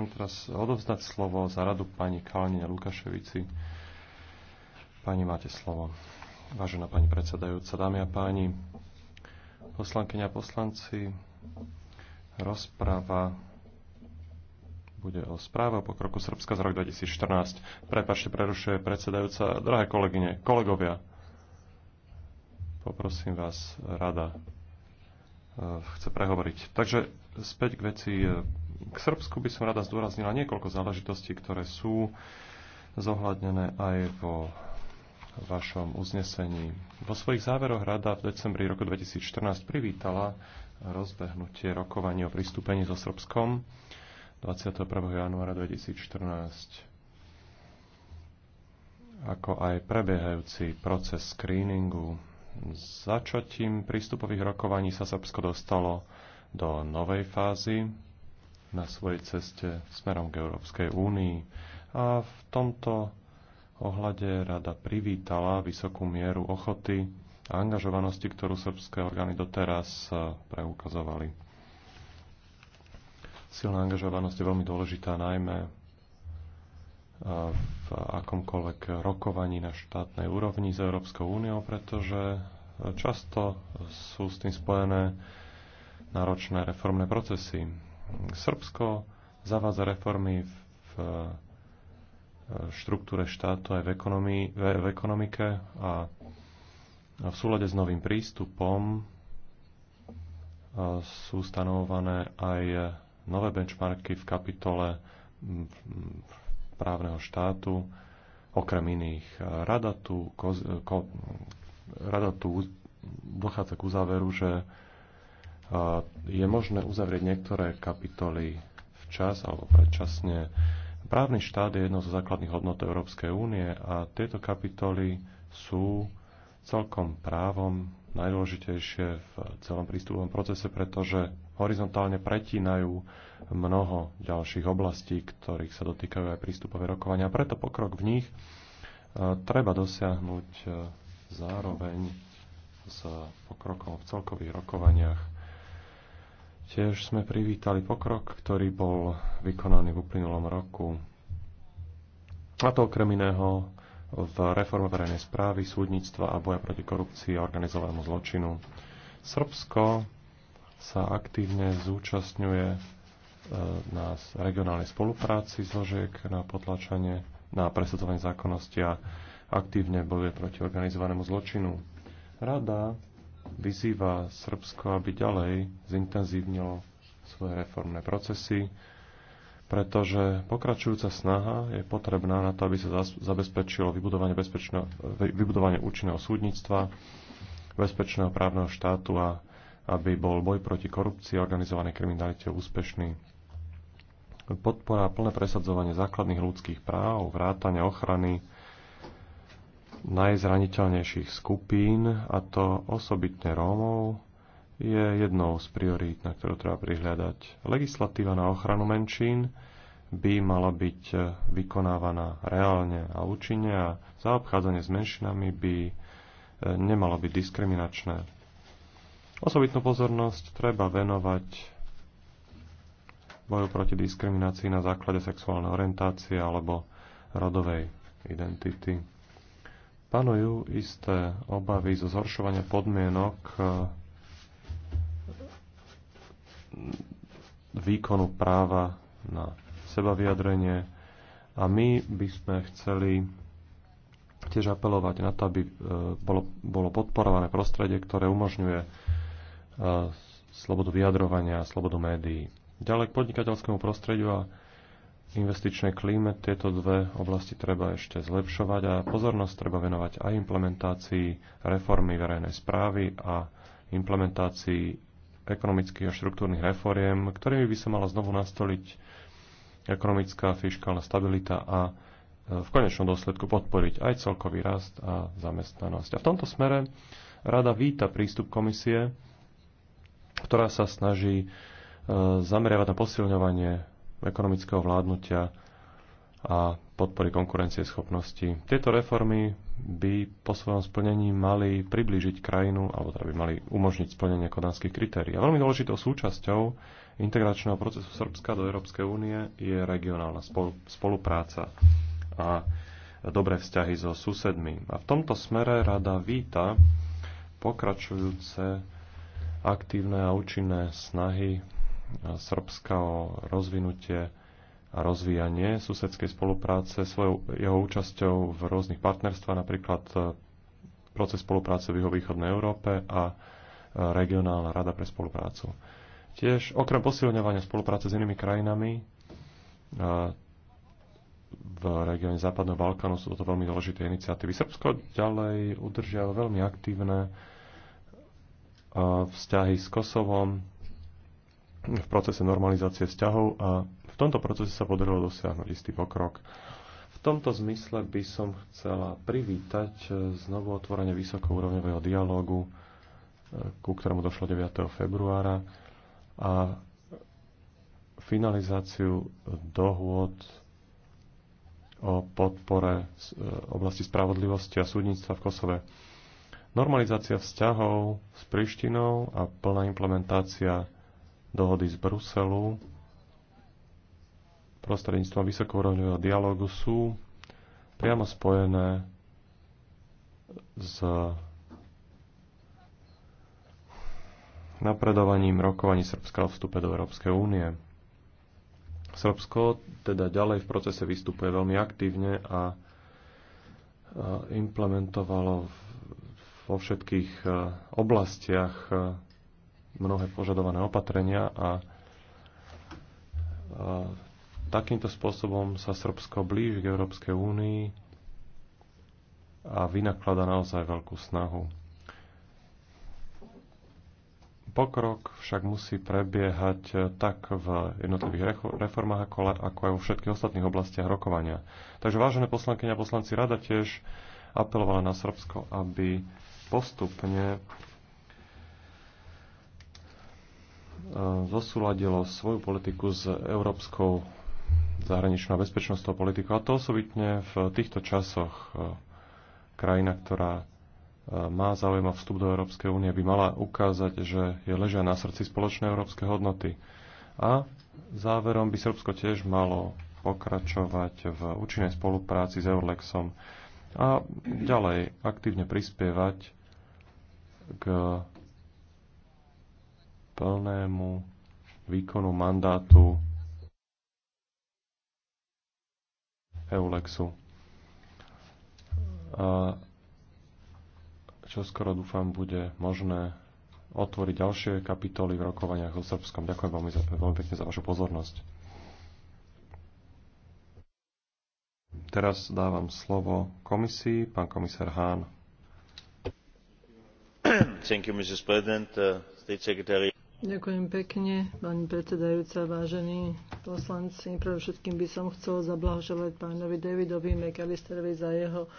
Chcem teraz odovzdať slovo za radu pani Kalnine Lukaševici. Pani, máte slovo. Vážená pani predsedajúca, dámy a páni, poslankyňa a poslanci, rozpráva bude o správe o pokroku Srbska za rok 2014. Prepačte, prerušuje predsedajúca. Drahé kolegyne, kolegovia, poprosím vás, rada eh, chce prehovoriť. Takže späť k veci eh, k Srbsku by som rada zdôraznila niekoľko záležitostí, ktoré sú zohľadnené aj vo vašom uznesení. Vo svojich záveroch rada v decembri roku 2014 privítala rozbehnutie rokovania o pristúpení so Srbskom 21. januára 2014 ako aj prebiehajúci proces screeningu. Začatím prístupových rokovaní sa Srbsko dostalo do novej fázy, na svojej ceste smerom k Európskej únii. A v tomto ohľade rada privítala vysokú mieru ochoty a angažovanosti, ktorú srbské orgány doteraz e, preukazovali. Silná angažovanosť je veľmi dôležitá najmä e, v akomkoľvek rokovaní na štátnej úrovni s Európskou úniou, pretože e, často sú s tým spojené náročné reformné procesy. Srbsko zavádza reformy v štruktúre štátu aj v, ekonomii, v ekonomike a v súlade s novým prístupom sú stanovované aj nové benchmarky v kapitole právneho štátu, okrem iných. Rada tu, ko, ko, rada tu dochádza k uzáveru, že je možné uzavrieť niektoré kapitoly včas alebo predčasne. Právny štát je jednou zo základných hodnot Európskej únie a tieto kapitoly sú celkom právom najdôležitejšie v celom prístupovom procese, pretože horizontálne pretínajú mnoho ďalších oblastí, ktorých sa dotýkajú aj prístupové rokovania. A Preto pokrok v nich e, treba dosiahnuť e, zároveň s pokrokom v celkových rokovaniach Tiež sme privítali pokrok, ktorý bol vykonaný v uplynulom roku. A to okrem iného v reforme verejnej správy, súdnictva a boja proti korupcii a organizovanému zločinu. Srbsko sa aktívne zúčastňuje e, na regionálnej spolupráci zložiek na potlačanie, na presadzovanie zákonnosti a aktívne bojuje proti organizovanému zločinu. Rada vyzýva Srbsko, aby ďalej zintenzívnilo svoje reformné procesy, pretože pokračujúca snaha je potrebná na to, aby sa zabezpečilo vybudovanie, vybudovanie účinného súdnictva, bezpečného právneho štátu a aby bol boj proti korupcii a organizovanej kriminalite úspešný. Podpora a plné presadzovanie základných ľudských práv, vrátanie ochrany najzraniteľnejších skupín, a to osobitne Rómov, je jednou z priorít, na ktorú treba prihľadať. Legislatíva na ochranu menšín by mala byť vykonávaná reálne a účinne a zaobchádzanie s menšinami by eh, nemalo byť diskriminačné. Osobitnú pozornosť treba venovať boju proti diskriminácii na základe sexuálnej orientácie alebo rodovej identity. Panujú isté obavy zo zhoršovania podmienok e, výkonu práva na seba vyjadrenie a my by sme chceli tiež apelovať na to, aby e, bolo, bolo podporované prostredie, ktoré umožňuje e, slobodu vyjadrovania a slobodu médií. Ďalej k podnikateľskému prostrediu a investičnej klíme tieto dve oblasti treba ešte zlepšovať a pozornosť treba venovať aj implementácii reformy verejnej správy a implementácii ekonomických a štruktúrnych reforiem, ktorými by sa mala znovu nastoliť ekonomická a fiskálna stabilita a e, v konečnom dôsledku podporiť aj celkový rast a zamestnanosť. A v tomto smere rada víta prístup komisie, ktorá sa snaží e, zameriavať na posilňovanie ekonomického vládnutia a podpory konkurencie schopnosti. Tieto reformy by po svojom splnení mali priblížiť krajinu, alebo teda by mali umožniť splnenie kodanských kritérií. A veľmi dôležitou súčasťou integračného procesu Srbska do Európskej únie je regionálna spolupráca a dobré vzťahy so susedmi. A v tomto smere rada víta pokračujúce aktívne a účinné snahy Srbska o rozvinutie a rozvíjanie susedskej spolupráce svojou jeho účasťou v rôznych partnerstvách, napríklad e, proces spolupráce v východnej Európe a e, regionálna rada pre spoluprácu. Tiež okrem posilňovania spolupráce s inými krajinami e, v regióne Západného Balkánu sú toto veľmi dôležité iniciatívy. Srbsko ďalej udržia veľmi aktívne vzťahy s Kosovom, v procese normalizácie vzťahov a v tomto procese sa podarilo dosiahnuť istý pokrok. V tomto zmysle by som chcela privítať e, znovu otvorenie vysokourovňového dialógu, e, ku ktorému došlo 9. februára a finalizáciu dohôd o podpore e, oblasti spravodlivosti a súdnictva v Kosove. Normalizácia vzťahov s Prištinou a plná implementácia dohody z Bruselu prostredníctvom vysokourovňového dialogu sú priamo spojené s napredovaním rokovaní Srbska o vstupe do Európskej únie. Srbsko teda ďalej v procese vystupuje veľmi aktívne a implementovalo vo všetkých e, oblastiach e, mnohé požadované opatrenia a takýmto spôsobom sa Srbsko blíži k Európskej únii a vynaklada naozaj veľkú snahu. Pokrok však musí prebiehať tak v jednotlivých reformách, ako aj vo všetkých ostatných oblastiach rokovania. Takže vážené poslankyňa a poslanci, rada tiež apelovala na Srbsko, aby postupne zosúladilo svoju politiku s európskou zahraničnou bezpečnostou bezpečnostnou politikou. A to osobitne v týchto časoch e, krajina, ktorá e, má záujem o vstup do Európskej únie, by mala ukázať, že je ležia na srdci spoločné európske hodnoty. A záverom by Srbsko tiež malo pokračovať v účinnej spolupráci s Eurlexom a ďalej aktívne prispievať k plnému výkonu mandátu Eulexu. A čo skoro dúfam bude možné otvoriť ďalšie kapitoly v rokovaniach o Srbskom. Ďakujem veľmi, veľmi pekne za vašu pozornosť. Teraz dávam slovo komisii, pán komisár Hán. Thank you, Mrs. President, uh, State Secretary. Ďakujem pekne, pani predsedajúca, vážení poslanci. Pre všetkým by som chcel zablahoželať pánovi Davidovi McAllisterovi za jeho e,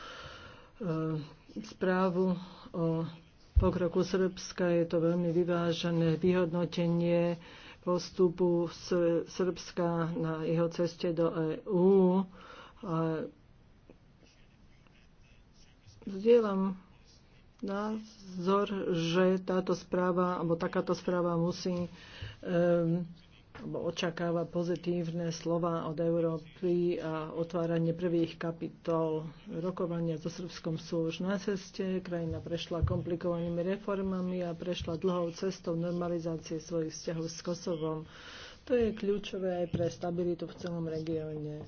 správu o pokroku Srbska. Je to veľmi vyvážené vyhodnotenie postupu Srbska na jeho ceste do EÚ. Zdieľam názor, že táto správa, alebo takáto správa musí um, očakáva pozitívne slova od Európy a otváranie prvých kapitol rokovania so Srbskom sú už na ceste. Krajina prešla komplikovanými reformami a prešla dlhou cestou normalizácie svojich vzťahov s Kosovom. To je kľúčové aj pre stabilitu v celom regióne.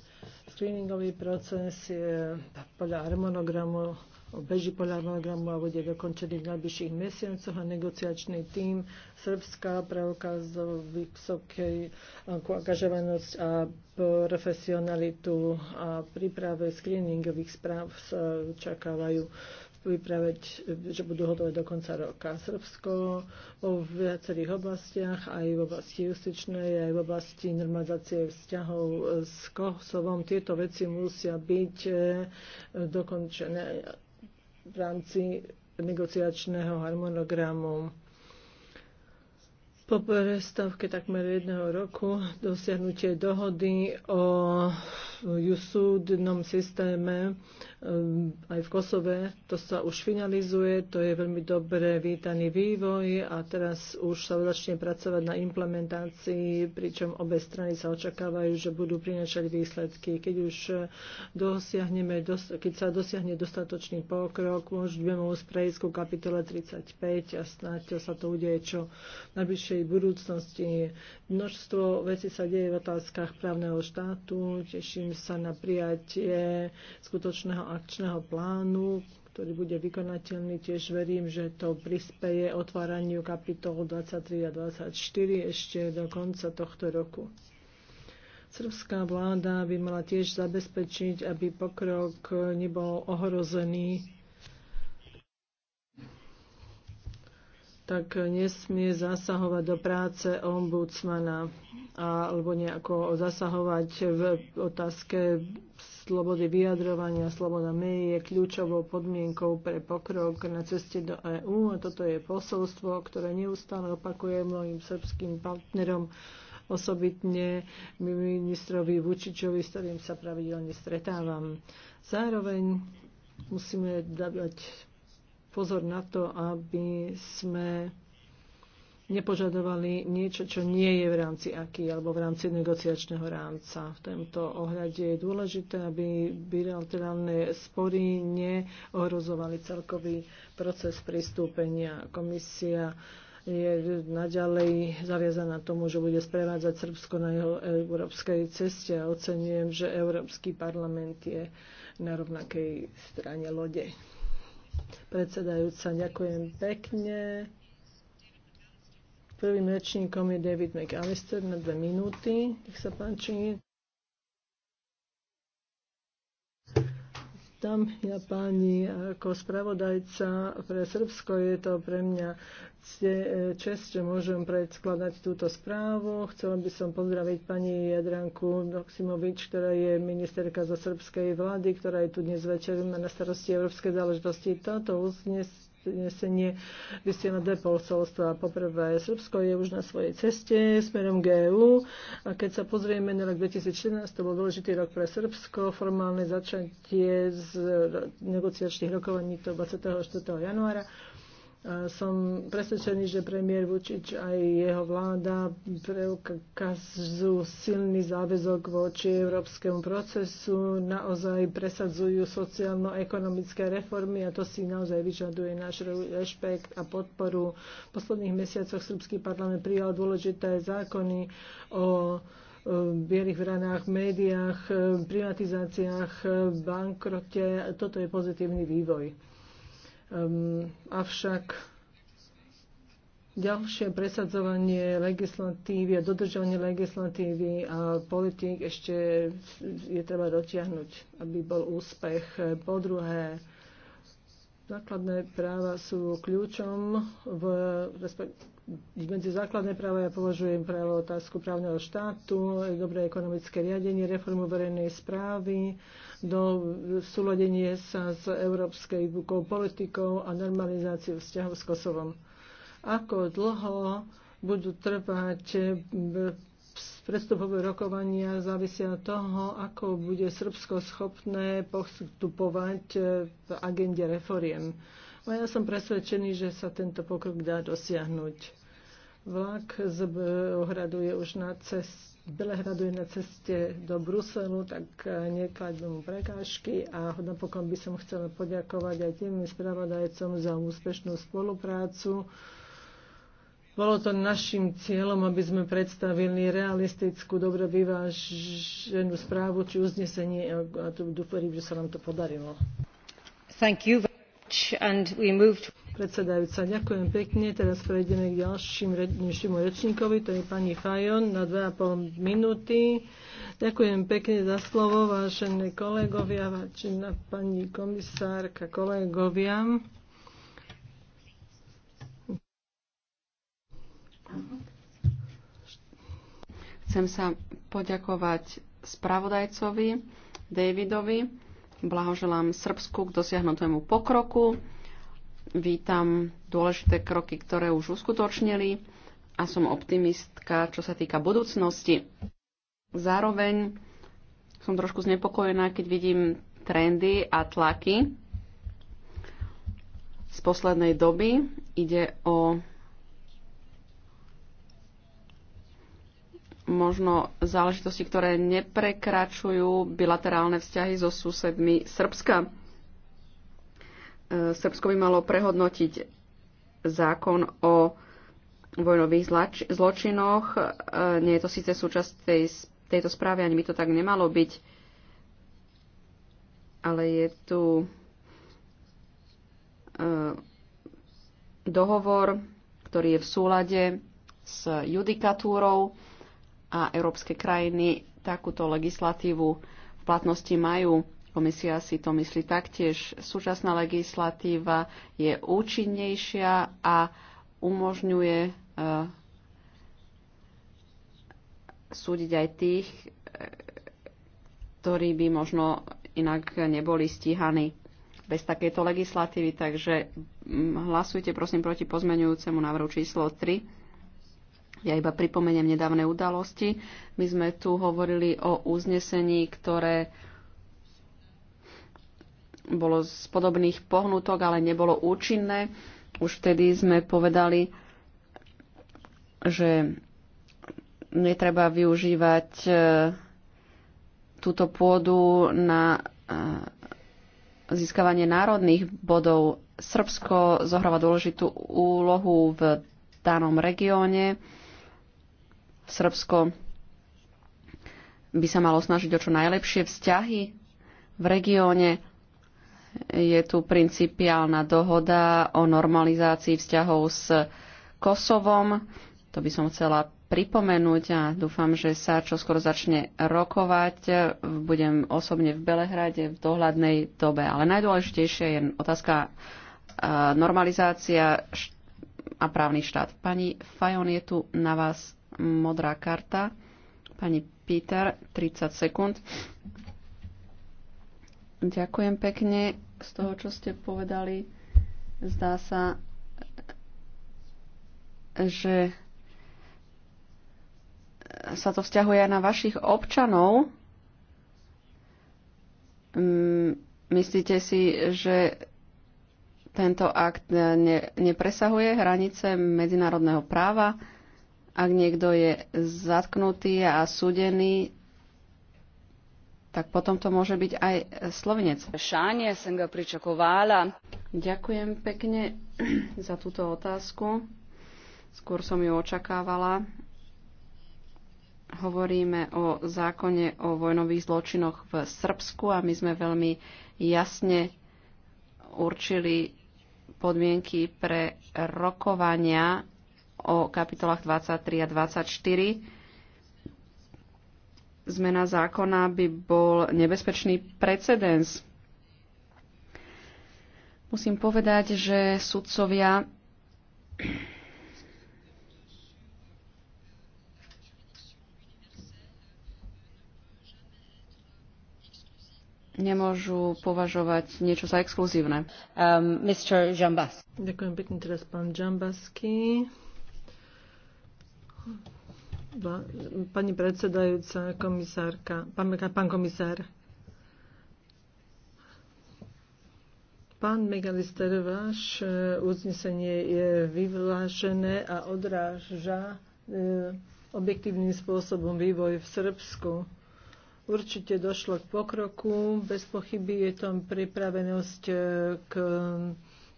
Screeningový proces je podľa harmonogramu beží podľa harmonogramu a bude dokončený v najbližších mesiacoch a negociačný tím Srbská preukázal vysokej eh, angažovanosť a profesionalitu a príprave screeningových správ čakávajú pripraviť, že budú hotové do konca roka. Srbsko vo viacerých oblastiach, aj v oblasti justičnej, aj v oblasti normalizácie vzťahov s Kosovom. Tieto veci musia byť eh, dokončené v rámci negociačného harmonogramu. Po prestavke takmer jedného roku dosiahnutie dohody o súdnom systéme Ehm, aj v Kosove. To sa už finalizuje, to je veľmi dobre vítaný vývoj a teraz už sa začne pracovať na implementácii, pričom obe strany sa očakávajú, že budú prinašať výsledky. Keď už dosiahneme, keď sa dosiahne dostatočný pokrok, môžeme môcť prejsť ku kapitole 35 a snáď sa to udeje čo na bližšej budúcnosti. Množstvo vecí sa deje v otázkach právneho štátu. Teším sa na prijatie skutočného akčného plánu, ktorý bude vykonateľný. Tiež verím, že to prispeje otváraniu kapitol 23 a 24 ešte do konca tohto roku. Srbská vláda by mala tiež zabezpečiť, aby pokrok nebol ohrozený tak nesmie zasahovať do práce ombudsmana alebo nejako zasahovať v otázke slobody vyjadrovania, sloboda médií je kľúčovou podmienkou pre pokrok na ceste do EÚ a toto je posolstvo, ktoré neustále opakuje mojim srbským partnerom, osobitne ministrovi Vučičovi, s ktorým sa pravidelne stretávam. Zároveň musíme dávať pozor na to, aby sme nepožadovali niečo, čo nie je v rámci aký alebo v rámci negociačného rámca. V tomto ohľade je dôležité, aby bilaterálne spory neohrozovali celkový proces pristúpenia. Komisia je naďalej zaviazaná tomu, že bude sprevádzať Srbsko na jeho európskej ceste a ocenujem, že Európsky parlament je na rovnakej strane lode. Predsedajúca, ďakujem pekne. Prvým rečníkom je David McAllister na dve minúty. Nech sa páči. Tam ja páni ako spravodajca pre Srbsko je to pre mňa čest, že môžem predskladať túto správu. Chcela by som pozdraviť pani Jadranku Doksimovič, ktorá je ministerka za srbskej vlády, ktorá je tu dnes večer na starosti európskej záležitosti. Toto uznes, prinesenie vysiela dve posolstva. Poprvé, Srbsko je už na svojej ceste smerom k EU a keď sa pozrieme na rok 2014, to bol dôležitý rok pre Srbsko, formálne začatie z negociačných rokovaní to 24. januára som presvedčený, že premiér Vučič aj jeho vláda preukazujú silný záväzok voči európskemu procesu, naozaj presadzujú sociálno-ekonomické reformy a to si naozaj vyžaduje náš rešpekt a podporu. V posledných mesiacoch Srbský parlament prijal dôležité zákony o bielých vranách, médiách, privatizáciách, bankrote. Toto je pozitívny vývoj. Um, avšak ďalšie presadzovanie legislatívy a dodržovanie legislatívy a politík ešte je treba dotiahnuť, aby bol úspech. Po druhé, základné práva sú kľúčom v medzi základné práva ja považujem právo otázku právneho štátu, dobré ekonomické riadenie, reformu verejnej správy, do súladenie sa s európskej politikou a normalizáciu vzťahov s Kosovom. Ako dlho budú trvať eh, predstupové rokovania závisia od toho, ako bude Srbsko schopné postupovať eh, v agende reforiem. A ja som presvedčený, že sa tento pokrok dá dosiahnuť. Vlak z Ohradu je už na ceste Belehradu je na ceste do Bruselu, tak e, nekladme mu prekážky a napokon by som chcela poďakovať aj tým spravodajcom za úspešnú spoluprácu. Bolo to našim cieľom, aby sme predstavili realistickú, dobre vyváženú správu či uznesenie a tu dúfam, že sa nám to podarilo. Thank you very much and we move to predsedajúca. Ďakujem pekne. Teraz prejdeme k ďalším dnešnému rečníkovi, to je pani Fajon na 2,5 minúty. Ďakujem pekne za slovo, vážené kolegovia, vážená pani komisárka, kolegovia. Chcem sa poďakovať spravodajcovi Davidovi. Blahoželám Srbsku k dosiahnutému pokroku Vítam dôležité kroky, ktoré už uskutočnili a som optimistka, čo sa týka budúcnosti. Zároveň som trošku znepokojená, keď vidím trendy a tlaky z poslednej doby. Ide o možno záležitosti, ktoré neprekračujú bilaterálne vzťahy so susedmi Srbska Srbsko by malo prehodnotiť zákon o vojnových zlač- zločinoch. E, nie je to síce súčasť tej, tejto správy, ani by to tak nemalo byť, ale je tu e, dohovor, ktorý je v súlade s judikatúrou a európske krajiny takúto legislatívu v platnosti majú. Komisia si to myslí taktiež. Súčasná legislatíva je účinnejšia a umožňuje e, súdiť aj tých, e, ktorí by možno inak neboli stíhaní bez takejto legislatívy. Takže hlasujte prosím proti pozmenujúcemu návrhu číslo 3. Ja iba pripomeniem nedávne udalosti. My sme tu hovorili o uznesení, ktoré bolo z podobných pohnutok, ale nebolo účinné. Už vtedy sme povedali, že netreba využívať e, túto pôdu na e, získavanie národných bodov. Srbsko zohráva dôležitú úlohu v danom regióne. Srbsko by sa malo snažiť o čo najlepšie vzťahy v regióne je tu principiálna dohoda o normalizácii vzťahov s Kosovom. To by som chcela pripomenúť a dúfam, že sa čo skoro začne rokovať. Budem osobne v Belehrade v dohľadnej dobe. Ale najdôležitejšia je otázka e, normalizácia a právny štát. Pani Fajon, je tu na vás modrá karta. Pani Peter, 30 sekúnd. Ďakujem pekne. Z toho, čo ste povedali, zdá sa, že sa to vzťahuje aj na vašich občanov. Mm, myslíte si, že tento akt ne, nepresahuje hranice medzinárodného práva? Ak niekto je zatknutý a súdený, tak potom to môže byť aj e, slovenec. Šanie som ga pričakovala. Ďakujem pekne za túto otázku. Skôr som ju očakávala. Hovoríme o zákone o vojnových zločinoch v Srbsku a my sme veľmi jasne určili podmienky pre rokovania o kapitolách 23 a 24 zmena zákona by bol nebezpečný precedens. Musím povedať, že sudcovia nemôžu považovať niečo za exkluzívne. Um, Mr. Jambas. Ďakujem pekne teraz pán Jambasky. Pani predsedajúca, komisárka, pán, pán komisár. Pán Megalister, váš e, uznesenie je vyvlážené a odráža e, objektívnym spôsobom vývoj v Srbsku. Určite došlo k pokroku, bez pochyby je tam pripravenosť e, k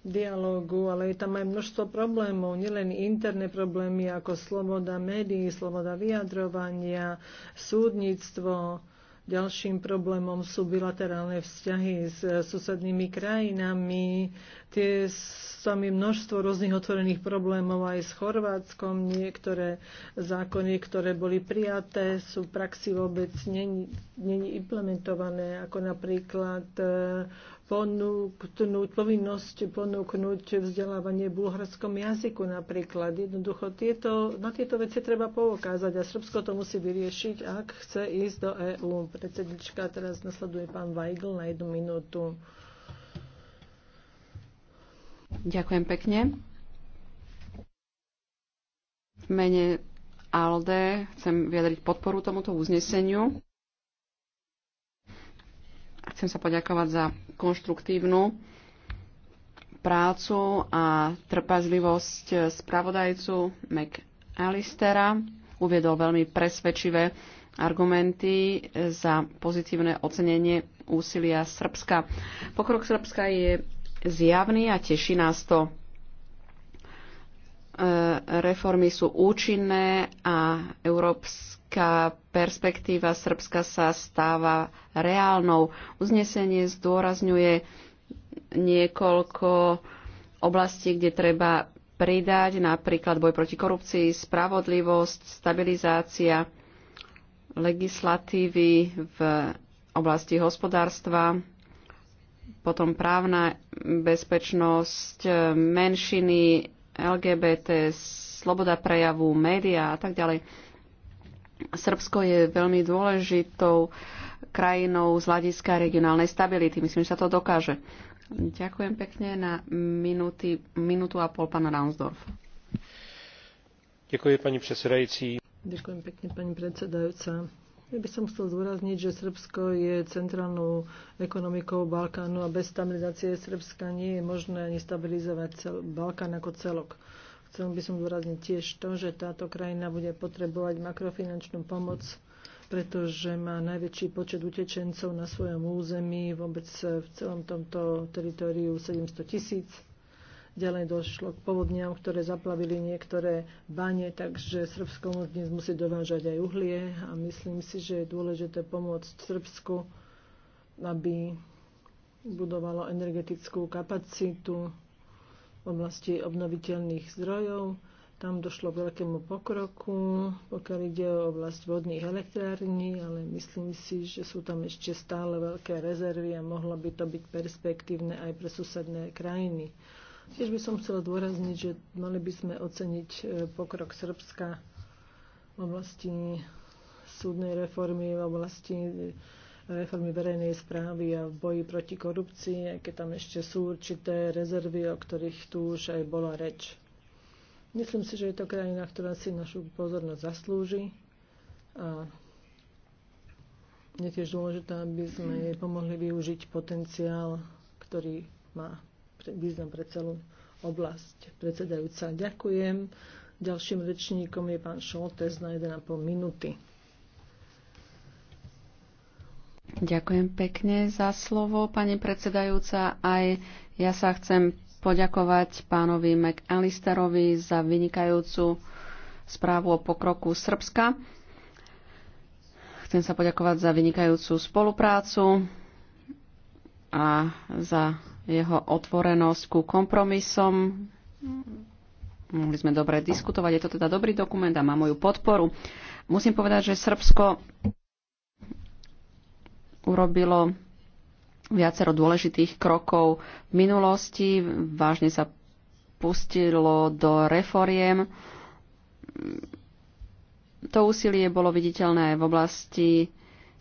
dialógu, ale je tam aj množstvo problémov, nielen interné problémy ako sloboda médií, sloboda vyjadrovania, súdnictvo. Ďalším problémom sú bilaterálne vzťahy s eh, susednými krajinami. Tie sú mi množstvo rôznych otvorených problémov aj s Chorvátskom. Niektoré zákony, ktoré boli prijaté, sú v praxi vôbec není implementované, ako napríklad e, ponúknuť, povinnosť ponúknuť vzdelávanie v bulharskom jazyku napríklad. Jednoducho tieto, na tieto veci treba poukázať a Srbsko to musí vyriešiť, ak chce ísť do EÚ. Predsednička, teraz nasleduje pán Weigl na jednu minútu. Ďakujem pekne. V mene ALDE chcem vyjadriť podporu tomuto uzneseniu. Chcem sa poďakovať za konštruktívnu prácu a trpazlivosť spravodajcu McAllistera. Uviedol veľmi presvedčivé argumenty za pozitívne ocenenie úsilia Srbska. Pokrok Srbska je zjavný a teší nás to. E, reformy sú účinné a európska perspektíva Srbska sa stáva reálnou. Uznesenie zdôrazňuje niekoľko oblastí, kde treba pridať, napríklad boj proti korupcii, spravodlivosť, stabilizácia legislatívy v oblasti hospodárstva, potom právna bezpečnosť, menšiny, LGBT, sloboda prejavu, médiá a tak ďalej. Srbsko je veľmi dôležitou krajinou z hľadiska regionálnej stability. Myslím, že sa to dokáže. Ďakujem pekne na minúty, minútu a pol pána Ransdorf. Ďakujem pani predsedajúci. Ďakujem pekne pani predsedajúca ja by som chcel zdôrazniť, že Srbsko je centrálnou ekonomikou Balkánu a bez stabilizácie Srbska nie je možné ani stabilizovať cel- Balkán ako celok. Chcel by som zúrazniť tiež to, že táto krajina bude potrebovať makrofinančnú pomoc, pretože má najväčší počet utečencov na svojom území, vôbec v celom tomto teritoriu 700 tisíc Ďalej došlo k povodniam, ktoré zaplavili niektoré bane, takže Srbsko dnes musí dovážať aj uhlie a myslím si, že je dôležité pomôcť Srbsku, aby budovalo energetickú kapacitu v oblasti obnoviteľných zdrojov. Tam došlo k veľkému pokroku, pokiaľ ide o oblasť vodných elektrární, ale myslím si, že sú tam ešte stále veľké rezervy a mohlo by to byť perspektívne aj pre susedné krajiny. Tiež by som chcela dôrazniť, že mali by sme oceniť e, pokrok Srbska v oblasti súdnej reformy, v oblasti e, reformy verejnej správy a v boji proti korupcii, aj keď tam ešte sú určité rezervy, o ktorých tu už aj bola reč. Myslím si, že je to krajina, ktorá si našu pozornosť zaslúži a je tiež dôležité, aby sme jej pomohli využiť potenciál, ktorý má význam pre celú oblasť. Predsedajúca, ďakujem. Ďalším rečníkom je pán Šoltes na 1,5 minúty. Ďakujem pekne za slovo, pani predsedajúca. Aj ja sa chcem poďakovať pánovi McAllisterovi za vynikajúcu správu o pokroku Srbska. Chcem sa poďakovať za vynikajúcu spoluprácu a za jeho otvorenosť ku kompromisom. Mohli sme dobre diskutovať, je to teda dobrý dokument a má moju podporu. Musím povedať, že Srbsko urobilo viacero dôležitých krokov v minulosti. Vážne sa pustilo do reforiem. To úsilie bolo viditeľné aj v oblasti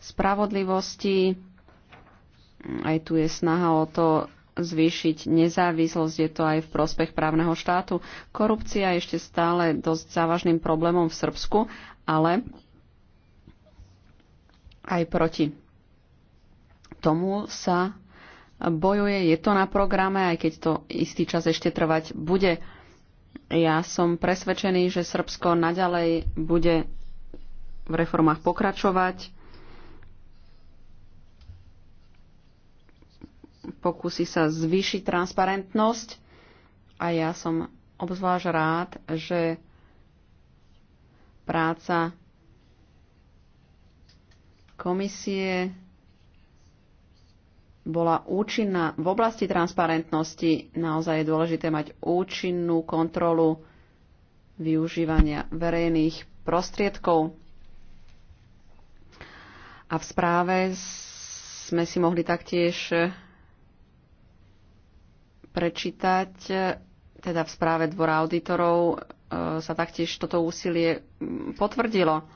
spravodlivosti. Aj tu je snaha o to zvýšiť nezávislosť, je to aj v prospech právneho štátu. Korupcia je ešte stále dosť závažným problémom v Srbsku, ale aj proti tomu sa bojuje. Je to na programe, aj keď to istý čas ešte trvať bude. Ja som presvedčený, že Srbsko naďalej bude v reformách pokračovať pokusí sa zvýšiť transparentnosť a ja som obzvlášť rád, že práca komisie bola účinná. V oblasti transparentnosti naozaj je dôležité mať účinnú kontrolu využívania verejných prostriedkov. A v správe sme si mohli taktiež prečítať, e, teda v správe Dvora auditorov e, sa taktiež toto úsilie mm, potvrdilo.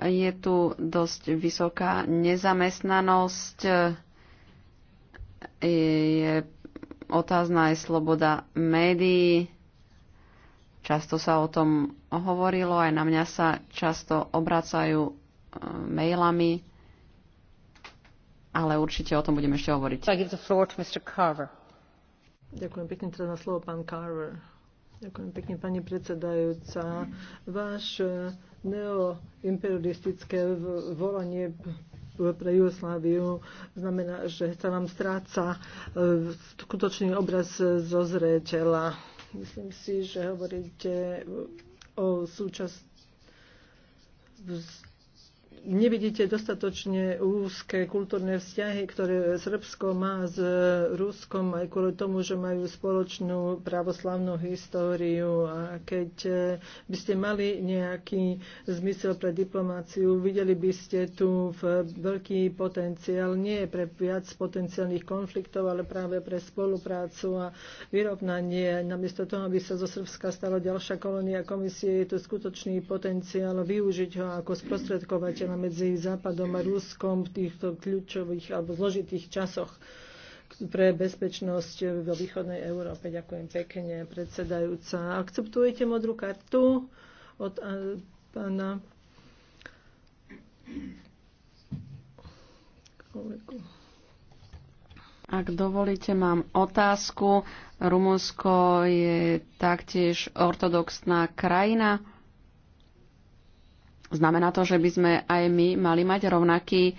Je tu dosť vysoká nezamestnanosť, e, je otázna aj sloboda médií, často sa o tom hovorilo, aj na mňa sa často obracajú mailami, ale určite o tom budeme ešte hovoriť. Ďakujem pekne teda na slovo pán Carver. Ďakujem pekne, pani predsedajúca. Váš eh, neoimperialistické volanie pre Jugosláviu znamená, že sa vám stráca eh, skutočný obraz eh, zo zreteľa. Myslím si, že hovoríte o súčasnosti nevidíte dostatočne úzke kultúrne vzťahy, ktoré Srbsko má s Ruskom aj kvôli tomu, že majú spoločnú pravoslavnú históriu. A keď e, by ste mali nejaký zmysel pre diplomáciu, videli by ste tu veľký potenciál, nie pre viac potenciálnych konfliktov, ale práve pre spoluprácu a vyrovnanie. Namiesto toho, aby sa zo Srbska stala ďalšia kolónia komisie, je tu skutočný potenciál využiť ho ako sprostredkovateľ priateľa medzi Západom a Ruskom v týchto kľúčových alebo zložitých časoch pre bezpečnosť vo východnej Európe. Ďakujem pekne, predsedajúca. Akceptujete modrú kartu od eh, pána kolegu? Ak dovolíte, mám otázku. Rumunsko je taktiež ortodoxná krajina. Znamená to, že by sme aj my mali mať rovnaký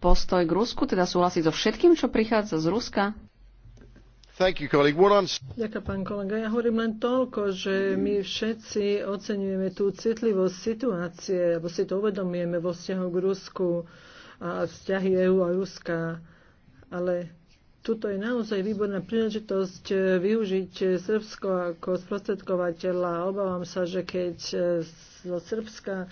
postoj k Rusku, teda súhlasiť so všetkým, čo prichádza z Ruska? You, Ďakujem, pán kolega. Ja hovorím len toľko, že my všetci oceňujeme tú citlivosť situácie, alebo si to uvedomujeme vo vzťahu k Rusku a vzťahy EU a Ruska, ale tuto je naozaj výborná príležitosť e, využiť e, Srbsko ako sprostredkovateľa. Obávam sa, že keď e, zo Srbska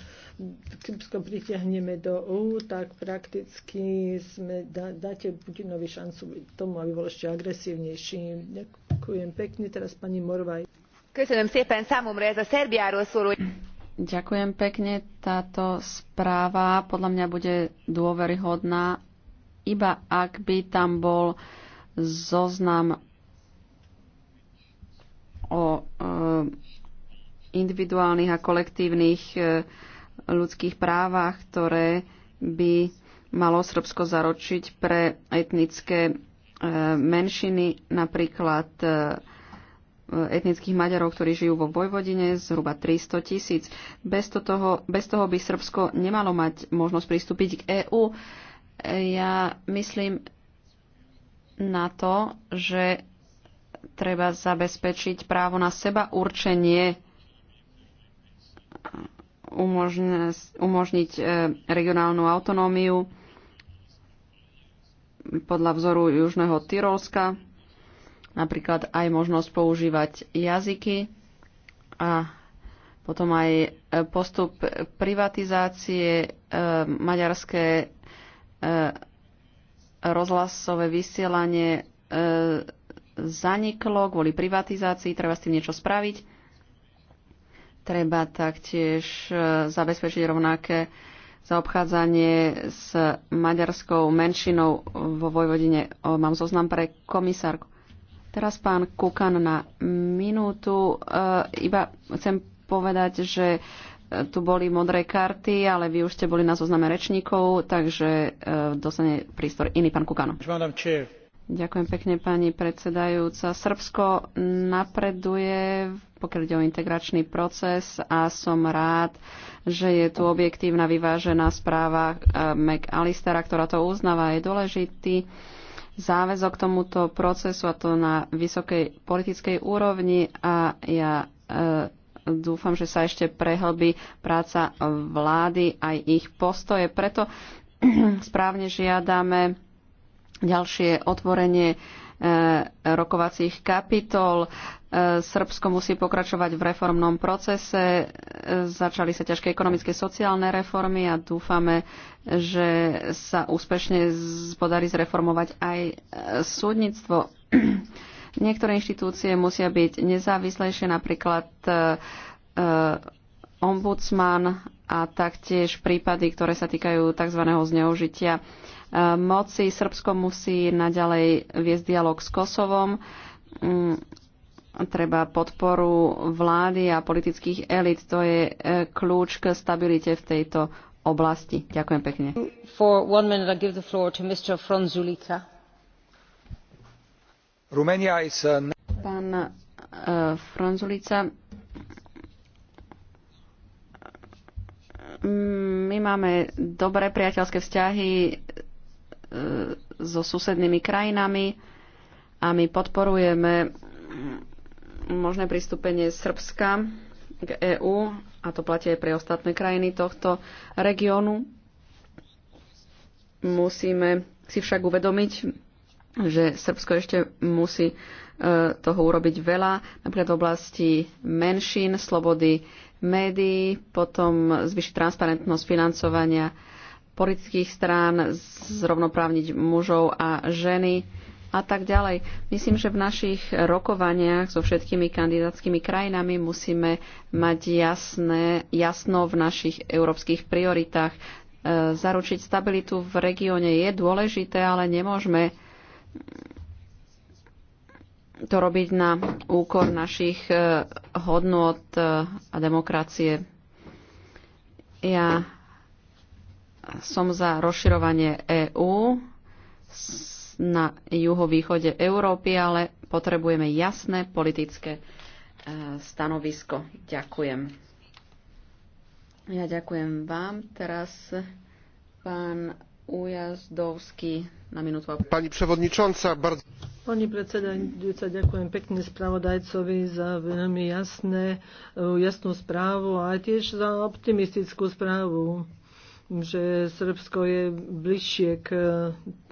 Srbsko pritiahneme do EU, tak prakticky sme, da, dáte Putinovi šancu tomu, aby bol ešte agresívnejší. Ďakujem pekne. Teraz pani Morvaj. Ďakujem pekne. Táto správa podľa mňa bude dôveryhodná, iba ak by tam bol zoznam o eh, individuálnych a kolektívnych eh, ľudských právach, ktoré by malo Srbsko zaročiť pre etnické eh, menšiny, napríklad etnických Maďarov, ktorí žijú vo Vojvodine, zhruba 300 tisíc. Bez toho, bez toho by Srbsko nemalo mať možnosť pristúpiť k EÚ. Ja myslím, na to, že treba zabezpečiť právo na seba určenie, umožniť e, regionálnu autonómiu podľa vzoru Južného Tyrolska, napríklad aj možnosť používať jazyky a potom aj e, postup privatizácie e, maďarské rozhlasové vysielanie e, zaniklo kvôli privatizácii, treba s tým niečo spraviť. Treba taktiež e, zabezpečiť rovnaké zaobchádzanie s maďarskou menšinou vo Vojvodine. Mám zoznam pre komisárku. Teraz pán Kukan na minútu. E, iba chcem povedať, že tu boli modré karty, ale vy už ste boli na zozname rečníkov, takže e, dostane prístor iný pán Kukano. Ďakujem pekne, pani predsedajúca. Srbsko napreduje, pokiaľ ide o integračný proces a som rád, že je tu objektívna vyvážená správa e, McAllistera, ktorá to uznáva. Je dôležitý záväzok tomuto procesu a to na vysokej politickej úrovni a ja e, dúfam, že sa ešte prehlbí práca vlády aj ich postoje. Preto správne žiadame ďalšie otvorenie e, rokovacích kapitol. E, Srbsko musí pokračovať v reformnom procese. E, začali sa ťažké ekonomické sociálne reformy a dúfame, že sa úspešne podarí zreformovať aj súdnictvo. Niektoré inštitúcie musia byť nezávislejšie, napríklad e, e, ombudsman a taktiež prípady, ktoré sa týkajú tzv. zneužitia e, moci. Srbsko musí naďalej viesť dialog s Kosovom. Mm, treba podporu vlády a politických elit. To je kľúč k stabilite v tejto oblasti. Ďakujem pekne. For one minute, I give the floor to Mr. Pán e, Franzulica, my máme dobré priateľské vzťahy e, so susednými krajinami a my podporujeme možné pristúpenie Srbska k EÚ a to platí aj pre ostatné krajiny tohto regiónu. Musíme si však uvedomiť, že Srbsko ešte musí e, toho urobiť veľa, napríklad v oblasti menšín, slobody médií, potom zvyšiť transparentnosť financovania politických strán, zrovnoprávniť mužov a ženy a tak ďalej. Myslím, že v našich rokovaniach so všetkými kandidátskymi krajinami musíme mať jasné, jasno v našich európskych prioritách. E, zaručiť stabilitu v regióne je dôležité, ale nemôžeme to robiť na úkor našich e, hodnot e, a demokracie. Ja som za rozširovanie EÚ na juhovýchode Európy, ale potrebujeme jasné politické e, stanovisko. Ďakujem. Ja ďakujem vám. Teraz pán Ujazdovský Pani Pani predsedajúca, ďakujem pekne spravodajcovi za veľmi jasné, e, jasnú správu a tiež za optimistickú správu že Srbsko je bližšie k e,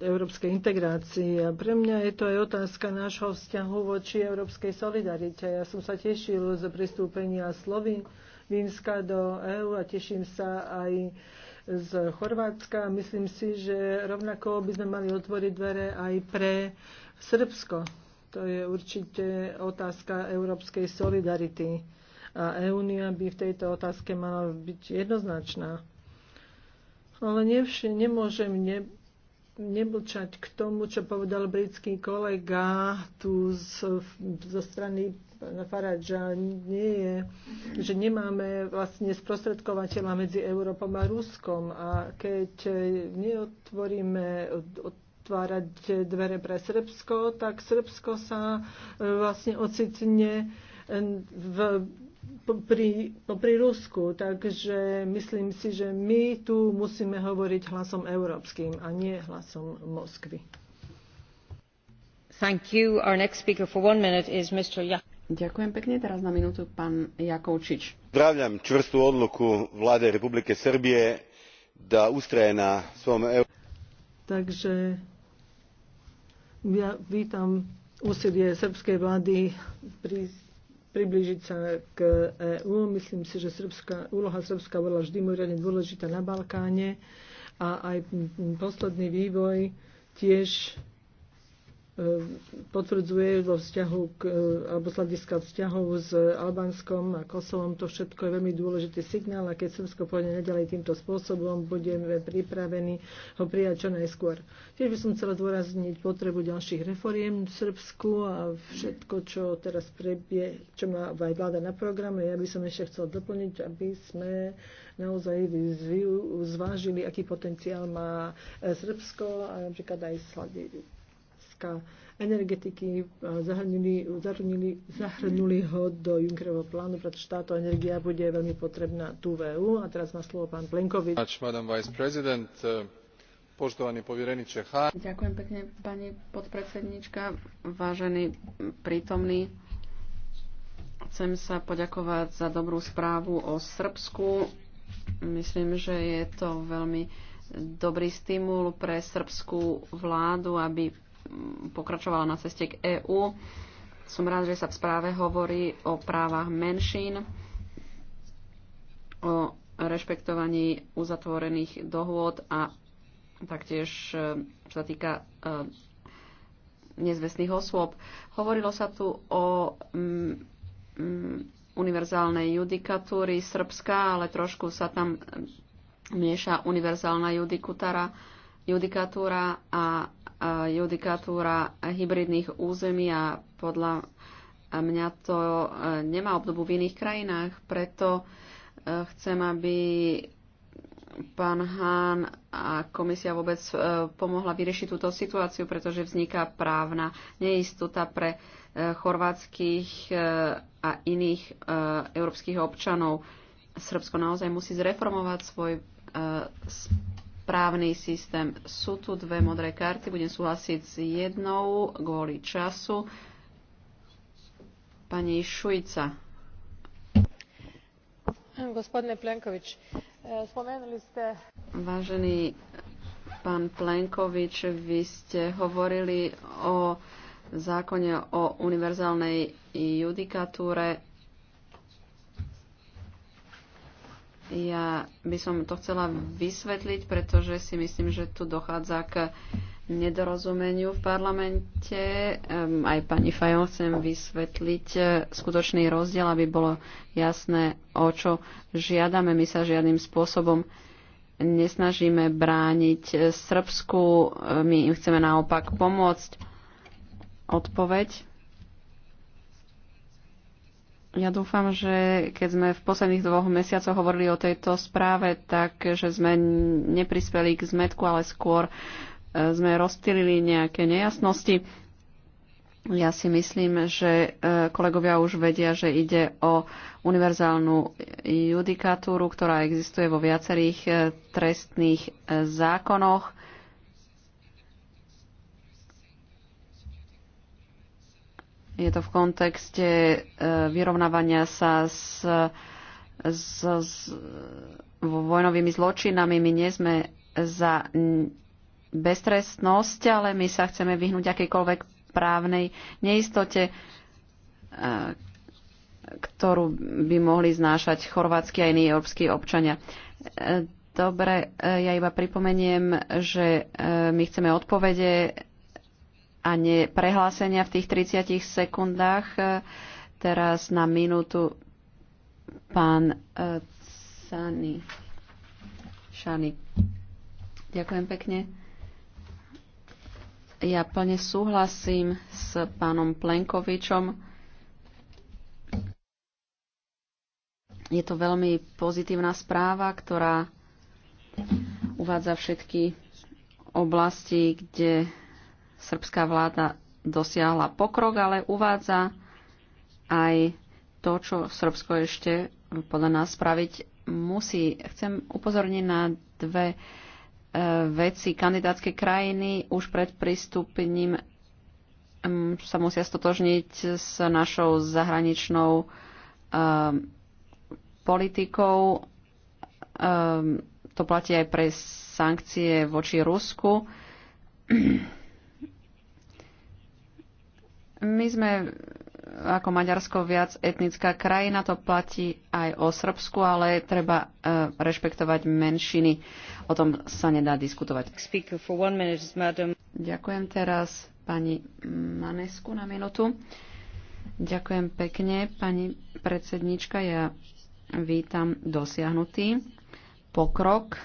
európskej integrácii. A pre mňa je to aj otázka nášho vzťahu voči európskej solidarite. Ja som sa tešil z pristúpenia Slovenska do EÚ a teším sa aj z Chorvátska. Myslím si, že rovnako by sme mali otvoriť dvere aj pre Srbsko. To je určite otázka európskej solidarity. A EÚNIA by v tejto otázke mala byť jednoznačná. Ale nevš- nemôžem ne- nemlčať k tomu, čo povedal britský kolega tu z, zo strany pána Faradža nie je, že nemáme vlastne sprostredkovateľa medzi Európom a Ruskom a keď neotvoríme otvárať dvere pre Srbsko, tak Srbsko sa e, vlastne ocitne e, v pri, pri Rusku. Takže myslím si, že my tu musíme hovoriť hlasom európskym a nie hlasom Moskvy. Thank you. Our next speaker for one minute is Mr. Jak- Ďakujem pekne. Teraz na minútu pán Jakovčič. Zdravljam čvrstú odluku vlády Republike Srbie da ustraje na svom... E- Takže ja vítam úsilie srbskej vlády pri priblížiť sa k EÚ. Myslím si, že srbská, úloha Srbska bola vždy mimoriadne dôležitá na Balkáne a aj posledný vývoj tiež E, potvrdzuje vo vzťahu k, e, alebo z hľadiska vzťahov s Albánskom a Kosovom. To všetko je veľmi dôležitý signál a keď Srbsko pôjde nedalej týmto spôsobom, budeme pripravení ho prijať čo najskôr. Tiež by som chcela dôrazniť potrebu ďalších reforiem v Srbsku a všetko, čo teraz prebie, čo má aj vláda na programe. Ja by som ešte chcela doplniť, aby sme naozaj zvážili, aký potenciál má Srbsko a napríklad aj sladiť hľadiska energetiky, e, zahrnuli, zahrnuli, zahrnuli ho do Junckerovho plánu, pretože táto energia bude veľmi potrebná tu v EU. A teraz má slovo pán Plenkovič. E, Ďakujem pekne, pani podpredsednička, vážený prítomný. Chcem sa poďakovať za dobrú správu o Srbsku. Myslím, že je to veľmi dobrý stimul pre srbskú vládu, aby pokračovala na ceste k EÚ. Som rád, že sa v správe hovorí o právach menšín, o rešpektovaní uzatvorených dohôd a taktiež, e, čo sa týka e, nezvestných osôb. Hovorilo sa tu o mm, mm, univerzálnej judikatúry Srbska, ale trošku sa tam e, mieša univerzálna judikatúra a judikatúra hybridných území a podľa mňa to e, nemá obdobu v iných krajinách, preto e, chcem, aby pán Hán a komisia vôbec e, pomohla vyriešiť túto situáciu, pretože vzniká právna neistota pre chorvátskych a iných európskych občanov. Srbsko naozaj musí zreformovať svoj právny systém. Sú tu dve modré karty, budem súhlasiť s jednou kvôli času. Pani Šujca. Gospodine Plenković, e, spomenuli ste... Vážený pán Plenkovič, vy ste hovorili o zákone o univerzálnej judikatúre Ja by som to chcela vysvetliť, pretože si myslím, že tu dochádza k nedorozumeniu v parlamente. Aj pani Fajon chcem vysvetliť e, skutočný rozdiel, aby bolo jasné, o čo žiadame. My sa žiadnym spôsobom nesnažíme brániť Srbsku, e, my im chceme naopak pomôcť. Odpoveď ja dúfam, že keď sme v posledných dvoch mesiacoch hovorili o tejto správe, tak že sme neprispeli k zmetku, ale skôr e, sme rozptýlili nejaké nejasnosti. Ja si myslím, že e, kolegovia už vedia, že ide o univerzálnu judikatúru, ktorá existuje vo viacerých e, trestných zákonoch Je to v kontexte e, vyrovnávania sa s, s, s vojnovými zločinami. My nie sme za beztrestnosť, ale my sa chceme vyhnúť akýkoľvek právnej neistote, e, ktorú by mohli znášať chorvátsky a iní európsky občania. E, dobre, ja iba pripomeniem, že my chceme odpovede a nie prehlásenia v tých 30 sekundách. E, teraz na minútu pán e, Sani. Šani. Ďakujem pekne. Ja plne súhlasím s pánom Plenkovičom. Je to veľmi pozitívna správa, ktorá uvádza všetky oblasti, kde Srbská vláda dosiahla pokrok, ale uvádza aj to, čo Srbsko ešte eh, podľa nás spraviť musí. Chcem upozorniť na dve eh, veci. Kandidátske krajiny už pred prístupením mm, sa musia stotožniť s našou zahraničnou eh, politikou. to platí aj pre sankcie voči Rusku. My sme ako Maďarsko viac etnická krajina, to platí aj o Srbsku, ale treba uh, rešpektovať menšiny. O tom sa nedá diskutovať. Ďakujem teraz pani Manesku na minutu. Ďakujem pekne, pani predsednička. Ja vítam dosiahnutý pokrok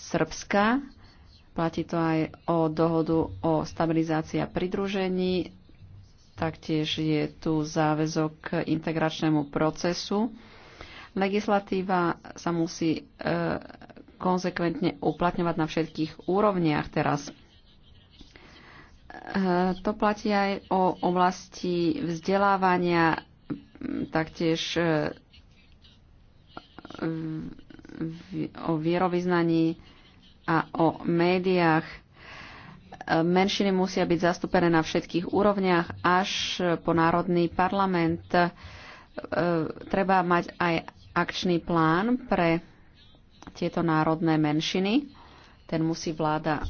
Srbska. Platí to aj o dohodu o stabilizácii a pridružení Taktiež je tu záväzok k integračnému procesu. Legislatíva sa musí e, konzekventne uplatňovať na všetkých úrovniach teraz. E, to platí aj o oblasti vzdelávania, taktiež e, v, o vierovýznaní a o médiách menšiny musia byť zastúpené na všetkých úrovniach až po Národný parlament. E, treba mať aj akčný plán pre tieto národné menšiny. Ten musí vláda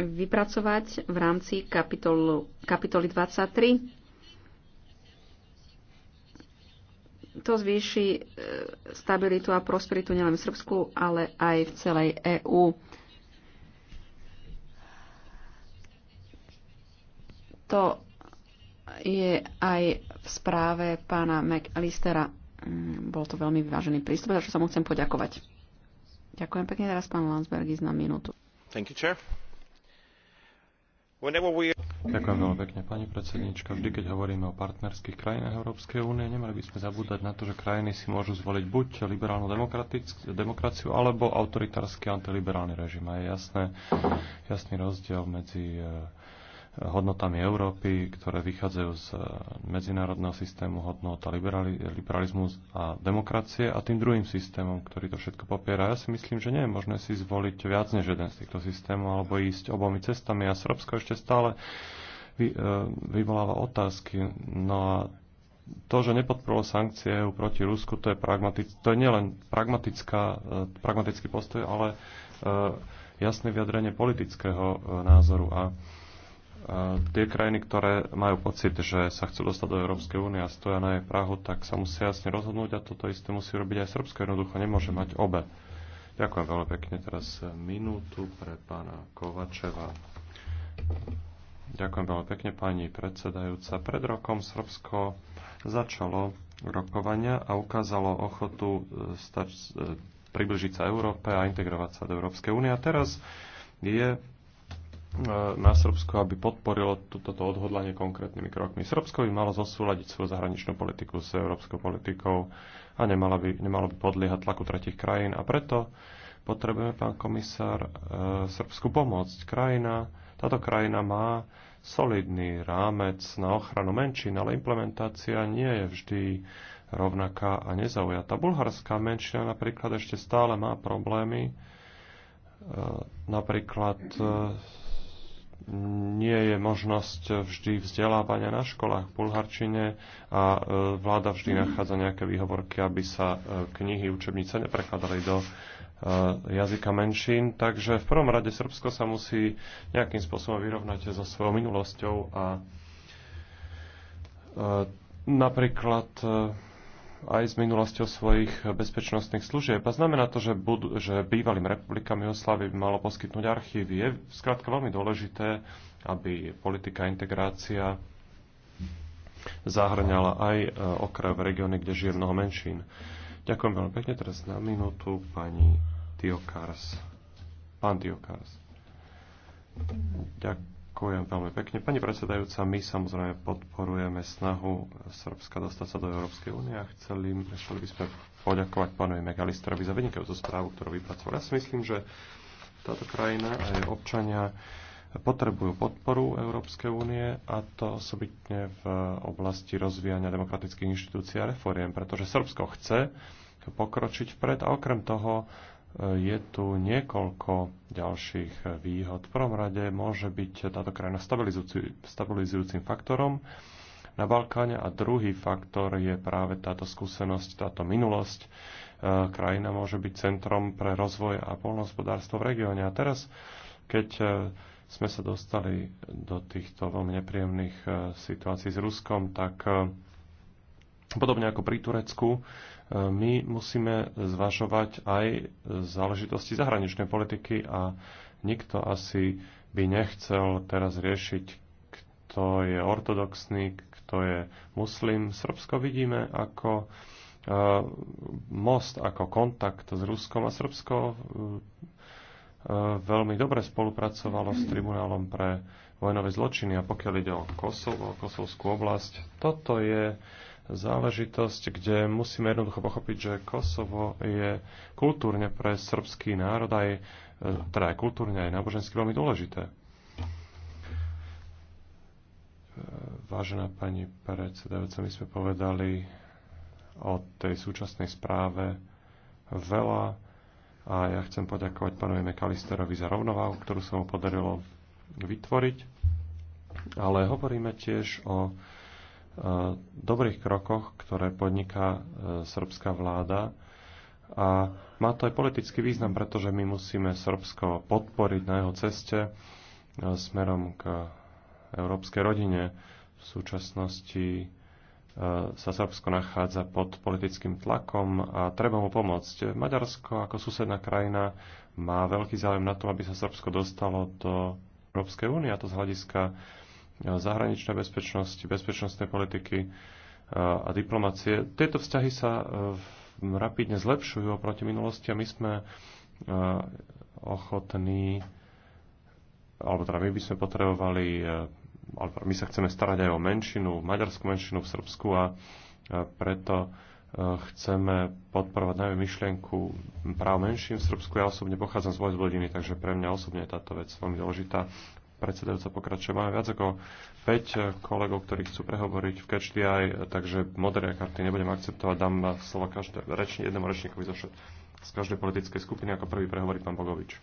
vypracovať v rámci kapitolu, kapitoly 23. To zvýši e, stabilitu a prosperitu nielen v Srbsku, ale aj v celej EÚ To je aj v správe pána McAllistera. Mm, bol to veľmi vyvážený prístup, za čo sa mu chcem poďakovať. Ďakujem pekne teraz pán ísť na minútu. Thank you, chair. Ďakujem veľmi pekne, pani predsednička. Vždy, keď hovoríme o partnerských krajinách Európskej únie, nemali by sme zabúdať na to, že krajiny si môžu zvoliť buď liberálnu demokraciu alebo autoritársky antiliberálny režim. A je jasné, jasný rozdiel medzi eh, hodnotami Európy, ktoré vychádzajú z eh, medzinárodného systému hodnota liberali, liberalizmus a demokracie a tým druhým systémom, ktorý to všetko popiera. Ja si myslím, že nie je možné si zvoliť viac než jeden z týchto systémov alebo ísť obomi cestami a Srbsko ešte stále vy, eh, vyvoláva otázky. No a to, že nepodporilo sankcie EU proti Rusku, to je, pragmatic, to je nielen pragmatická, eh, pragmatický postoj, ale jasné vyjadrenie politického názoru. A tie krajiny, ktoré majú pocit, že sa chcú dostať do Európskej únie a stoja na jej Prahu, tak sa musia jasne rozhodnúť a toto isté musí robiť aj Srbsko. Jednoducho nemôže mať obe. Ďakujem veľmi pekne. Teraz minútu pre pána Kovačeva. Ďakujem veľmi pekne, pani predsedajúca. Pred rokom Srbsko začalo rokovania a ukázalo ochotu e, stač- e, približiť sa Európe a integrovať sa do Európskej únie. A teraz je E, na Srbsko, aby podporilo toto odhodlanie konkrétnymi krokmi. Srbsko by malo zosúľadiť svoju zahraničnú politiku s európskou politikou a nemalo by, nemalo by podliehať tlaku tretich krajín. A preto potrebujeme, pán komisár, e, Srbsku pomoc. Krajina, táto krajina má solidný rámec na ochranu menšín, ale implementácia nie je vždy rovnaká a nezaujatá. Bulharská menšina napríklad ešte stále má problémy e, napríklad nie je možnosť vždy vzdelávania na školách v bulharčine a e, vláda vždy nachádza nejaké výhovorky, aby sa e, knihy, učebnice neprekladali do e, jazyka menšín. Takže v prvom rade Srbsko sa musí nejakým spôsobom vyrovnať so svojou minulosťou a napríklad aj s minulosťou svojich bezpečnostných služieb. A znamená to, že, budu, že bývalým republikám Jugoslavy by malo poskytnúť archívy. Je skrátka veľmi dôležité, aby politika integrácia zahrňala aj e, okraj regióny, kde žije mnoho menšín. Ďakujem veľmi pekne. Teraz na minútu pani Tiokars. Pán Tiokars. Ďakujem Ďakujem veľmi pekne. Pani predsedajúca, my samozrejme podporujeme snahu Srbska dostať sa do Európskej únie a chceli, chceli by sme poďakovať pánovi Megalistrovi za vynikajúcu správu, ktorú vypracoval. Ja si myslím, že táto krajina a jej občania potrebujú podporu Európskej únie a to osobitne v oblasti rozvíjania demokratických inštitúcií a reforiem, pretože Srbsko chce pokročiť vpred a okrem toho je tu niekoľko ďalších výhod. V prvom rade môže byť táto krajina stabilizujúci, stabilizujúcim faktorom na Balkáne a druhý faktor je práve táto skúsenosť, táto minulosť. E, krajina môže byť centrom pre rozvoj a polnohospodárstvo v regióne. A teraz, keď e, sme sa dostali do týchto veľmi nepríjemných e, situácií s Ruskom, tak podobne ako pri Turecku, my musíme zvažovať aj záležitosti zahraničnej politiky a nikto asi by nechcel teraz riešiť, kto je ortodoxný, kto je muslim. Srbsko vidíme ako e, most, ako kontakt s Ruskom a Srbsko e, veľmi dobre spolupracovalo s Tribunálom pre vojnové zločiny a pokiaľ ide o Kosovo, Kosovskú oblasť, toto je záležitosť, kde musíme jednoducho pochopiť, že Kosovo je kultúrne pre srbský národ aj, e, teda aj kultúrne, aj nábožensky veľmi dôležité. E, vážená pani predsedajúca, my sme povedali o tej súčasnej správe veľa a ja chcem poďakovať pánovi Mekalisterovi za rovnováhu, ktorú sa mu podarilo vytvoriť, ale hovoríme tiež o Eh, dobrých krokoch, ktoré podniká eh, srbská vláda. A má to aj politický význam, pretože my musíme Srbsko podporiť na jeho ceste eh, smerom k európskej rodine. V súčasnosti sa Srbsko nachádza pod politickým tlakom a treba mu pomôcť. Maďarsko ako susedná krajina má veľký záujem na tom, aby sa Srbsko dostalo do Európskej únie a to z hľadiska E, zahraničnej bezpečnosti, bezpečnostnej politiky e, a diplomácie. Tieto vzťahy sa e, rapidne zlepšujú oproti minulosti a my sme ochotní, alebo teda my by sme potrebovali, alebo my sa chceme starať aj o menšinu, maďarskú menšinu v Srbsku a preto chceme podporovať najmä myšlienku práv menším v Srbsku. Ja osobne pochádzam z Vojvodiny, takže pre mňa osobne je táto vec veľmi dôležitá predsedajúca pokračuje. Máme viac ako 5 kolegov, ktorí chcú prehovoriť v Catch aj, takže modré karty nebudem akceptovať. Dám slovo každé, rečne jednému rečníkovi zo všet, z každej politickej skupiny. Ako prvý prehovorí pán Bogovič.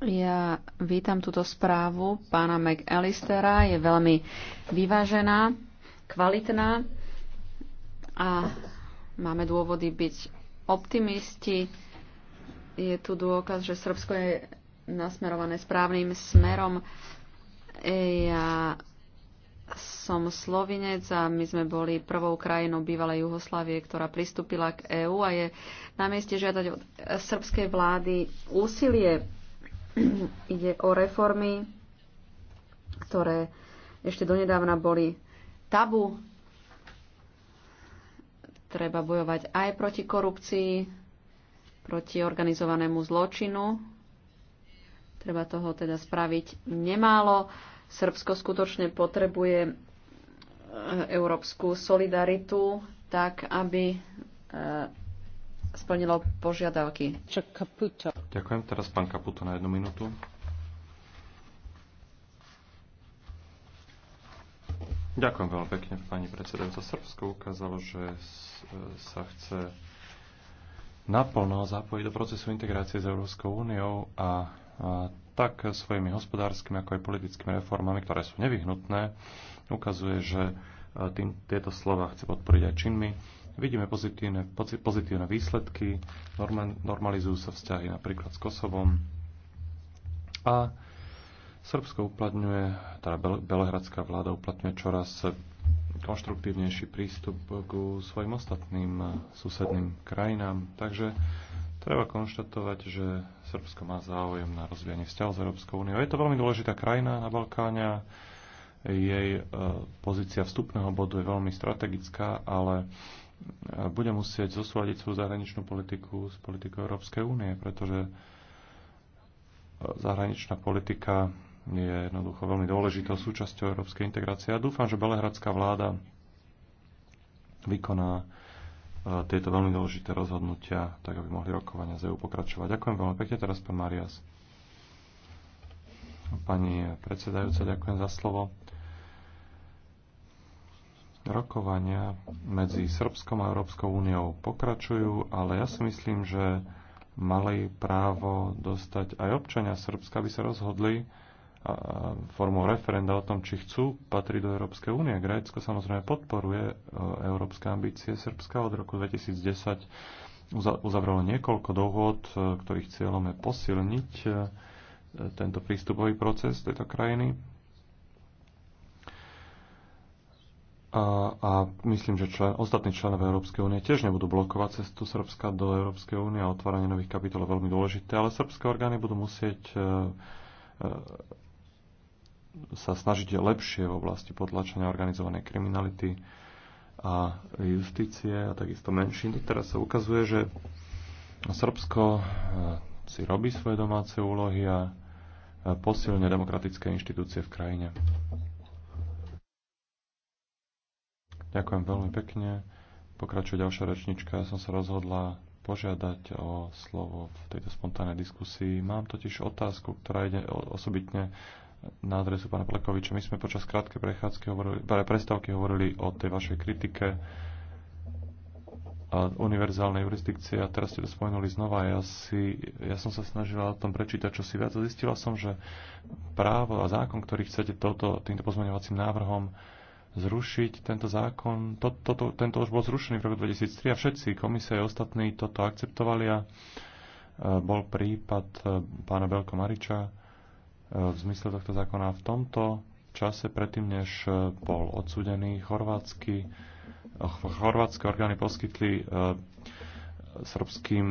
Ja vítam túto správu pána McAllistera. Je veľmi vyvážená, kvalitná a Máme dôvody byť optimisti. Je tu dôkaz, že Srbsko je nasmerované správnym smerom. Ja som Slovinec a my sme boli prvou krajinou bývalej Juhoslávie, ktorá pristúpila k EÚ a je na mieste žiadať od srbskej vlády úsilie. Ide o reformy, ktoré ešte donedávna boli tabu Treba bojovať aj proti korupcii, proti organizovanému zločinu. Treba toho teda spraviť nemálo. Srbsko skutočne potrebuje eh, európsku solidaritu tak, aby eh, splnilo požiadavky. Ďakujem. Teraz pán Kaputo na jednu minútu. Ďakujem veľmi pekne, pani predsedajúca. Srbsko ukázalo, že e, sa chce naplno zapojiť do procesu integrácie s Európskou úniou a, a tak svojimi hospodárskymi, ako aj politickými reformami, ktoré sú nevyhnutné, ukazuje, že e, tým, tieto slova chce podporiť aj činmi. Vidíme pozitívne, pozitívne výsledky, normalizujú sa vzťahy napríklad s Kosovom a Srbsko uplatňuje, teda belehradská vláda uplatňuje čoraz konštruktívnejší prístup k svojim ostatným eh, susedným krajinám. Takže treba konštatovať, že Srbsko má záujem na rozvíjanie vzťahov s Európskou úniou. Je to veľmi dôležitá krajina na Balkáne. Jej eh, pozícia vstupného bodu je veľmi strategická, ale eh, bude musieť zosúľadiť svoju zahraničnú politiku s politikou Európskej únie, pretože zahraničná politika je jednoducho veľmi dôležitou súčasťou európskej integrácie. A dúfam, že belehradská vláda vykoná e, tieto veľmi dôležité rozhodnutia, tak aby mohli rokovania z EU pokračovať. Ďakujem veľmi pekne teraz, pán Marias. Pani predsedajúca, ďakujem za slovo. Rokovania medzi Srbskom a Európskou úniou pokračujú, ale ja si myslím, že mali právo dostať aj občania Srbska, aby sa rozhodli, formou referenda o tom, či chcú patriť do Európskej únie. Grécko samozrejme podporuje e, európske ambície Srbska. Od roku 2010 uzavrelo niekoľko dohôd, e, ktorých cieľom je posilniť e, tento prístupový proces tejto krajiny. A, a myslím, že člen, ostatní členové Európskej únie tiež nebudú blokovať cestu Srbska do Európskej únie a otváranie nových kapitol je veľmi dôležité, ale srbské orgány budú musieť sa snažíte lepšie v oblasti potlačenia organizovanej kriminality a justície a takisto menšín. Teraz sa ukazuje, že Srbsko e, si robí svoje domáce úlohy a e, posilne demokratické inštitúcie v krajine. Ďakujem veľmi pekne. Pokračuje ďalšia rečnička. Ja som sa rozhodla požiadať o slovo v tejto spontánnej diskusii. Mám totiž otázku, ktorá ide osobitne na adresu pána Plekoviča. My sme počas krátkej prechádzky hovorili, pre prestávky hovorili o tej vašej kritike a univerzálnej jurisdikcie a teraz ste to spomenuli znova. Ja, si, ja som sa snažila o tom prečítať čo si viac a zistila som, že právo a zákon, ktorý chcete toto, týmto pozmeňovacím návrhom zrušiť, tento zákon, to, to, tento už bol zrušený v roku 2003 a všetci, komisia a ostatní toto akceptovali a e, bol prípad e, pána Belko Mariča, E, v zmysle tohto zákona. V tomto čase, predtým než e, bol odsúdený, chorvátsky, e, chorvátske orgány poskytli srbským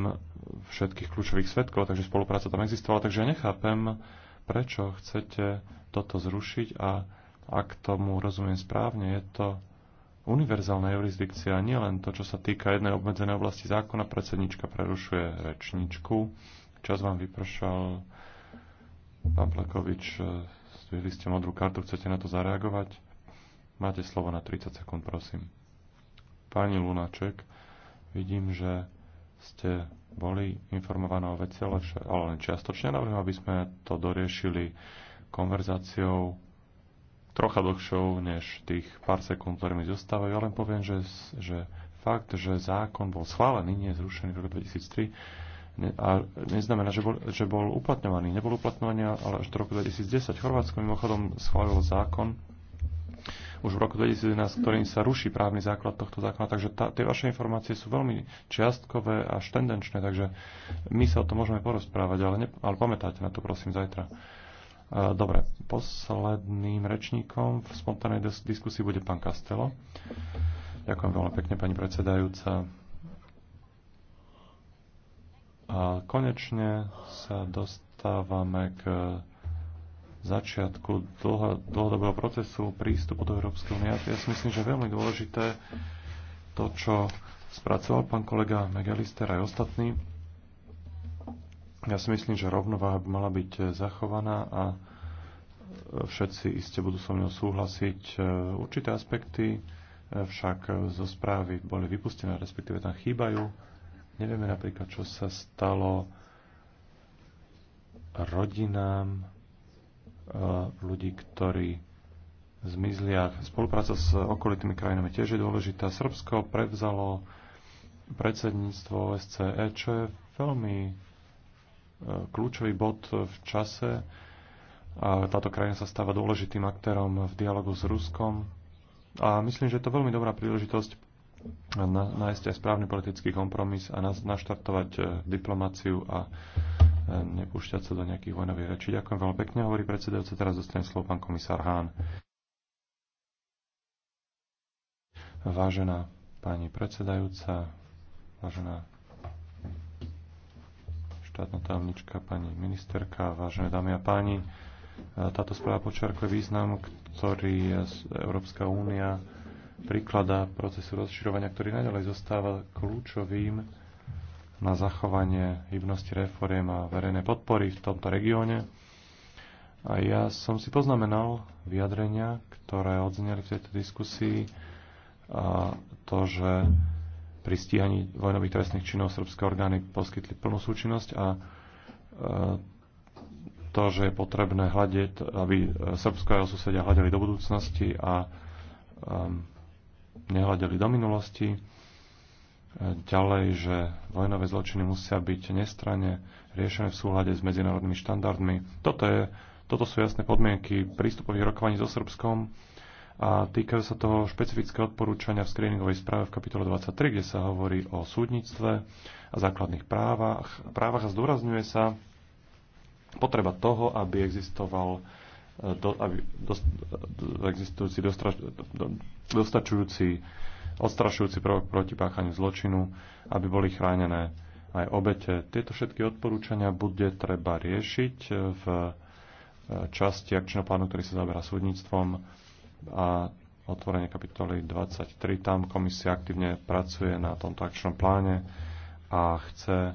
všetkých kľúčových svetkov, takže spolupráca tam existovala. Takže ja nechápem, prečo chcete toto zrušiť a ak tomu rozumiem správne, je to univerzálna jurisdikcia, nie len to, čo sa týka jednej obmedzenej oblasti zákona. Predsednička prerušuje rečničku. Čas vám vypršal Pán Plekovič, stvihli e, ste modrú kartu, chcete na to zareagovať? Máte slovo na 30 sekúnd, prosím. Pani Lunaček, vidím, že ste boli informovaná o veci, ale, vše, ale len čiastočne navrhujem, aby sme to doriešili konverzáciou trocha dlhšou než tých pár sekúnd, ktoré mi zostávajú. Ja len poviem, že, že fakt, že zákon bol schválený, nie zrušený v roku 2003, a neznamená, že bol, že bol uplatňovaný. Nebol uplatňovaný ale až do roku 2010. Chorvátsko mimochodom schválilo zákon už v roku 2011, ktorým sa ruší právny základ tohto zákona. Takže tá, tie vaše informácie sú veľmi čiastkové a štendenčné, takže my sa o tom môžeme porozprávať, ale, ne, ale pamätáte na to prosím zajtra. E, dobre, posledným rečníkom v spontánnej diskusii bude pán Kastelo. Ďakujem veľmi pekne, pani predsedajúca. A konečne sa dostávame k začiatku dlho, dlhodobého procesu prístupu do Európskej únie. Ja si myslím, že je veľmi dôležité to, čo spracoval pán kolega Megalister aj ostatní. Ja si myslím, že rovnováha by mala byť zachovaná a všetci iste budú so mnou súhlasiť. E, určité aspekty e, však zo správy boli vypustené, respektíve tam chýbajú Nevieme napríklad, čo sa stalo rodinám e, ľudí, ktorí zmizli a spolupráca s okolitými krajinami tiež je dôležitá. Srbsko prevzalo predsedníctvo OSCE, čo je veľmi e, kľúčový bod v čase. A táto krajina sa stáva dôležitým aktérom v dialogu s Ruskom. A myslím, že je to veľmi dobrá príležitosť nájsť aj správny politický kompromis a naštartovať e, diplomáciu a e, nepúšťať sa do nejakých vojnových rečí. Ďakujem veľmi pekne, hovorí predsedajúce. Teraz dostane slovo pán komisár Hán. Vážená pani predsedajúca, vážená štátna tajomnička, pani ministerka, vážené dámy a páni, e, táto správa počiarkuje význam, ktorý Európska únia prikladá procesu rozširovania, ktorý naďalej zostáva kľúčovým na zachovanie hybnosti reforiem a verejnej podpory v tomto regióne. A ja som si poznamenal vyjadrenia, ktoré odzneli v tejto diskusii a to, že pri stíhaní vojnových trestných činov srbské orgány poskytli plnú súčinnosť a e, to, že je potrebné hľadiť, aby e, srbské a jeho susedia hľadeli do budúcnosti a um, nehľadeli do minulosti. E, ďalej, že vojnové zločiny musia byť nestranne riešené v súhľade s medzinárodnými štandardmi. Toto, je, toto sú jasné podmienky prístupových rokovaní so Srbskom a týkajú sa toho špecifického odporúčania v screeningovej správe v kapitole 23, kde sa hovorí o súdnictve a základných právach, právach a zdôrazňuje sa potreba toho, aby existoval do, aby dost, existujúci dostraž, do, dostačujúci odstrašujúci prvok proti páchaniu zločinu, aby boli chránené aj obete. Tieto všetky odporúčania bude treba riešiť v eh, časti akčného plánu, ktorý sa zaberá súdnictvom a otvorenie kapitoly 23. Tam komisia aktívne pracuje na tomto akčnom pláne a chce eh,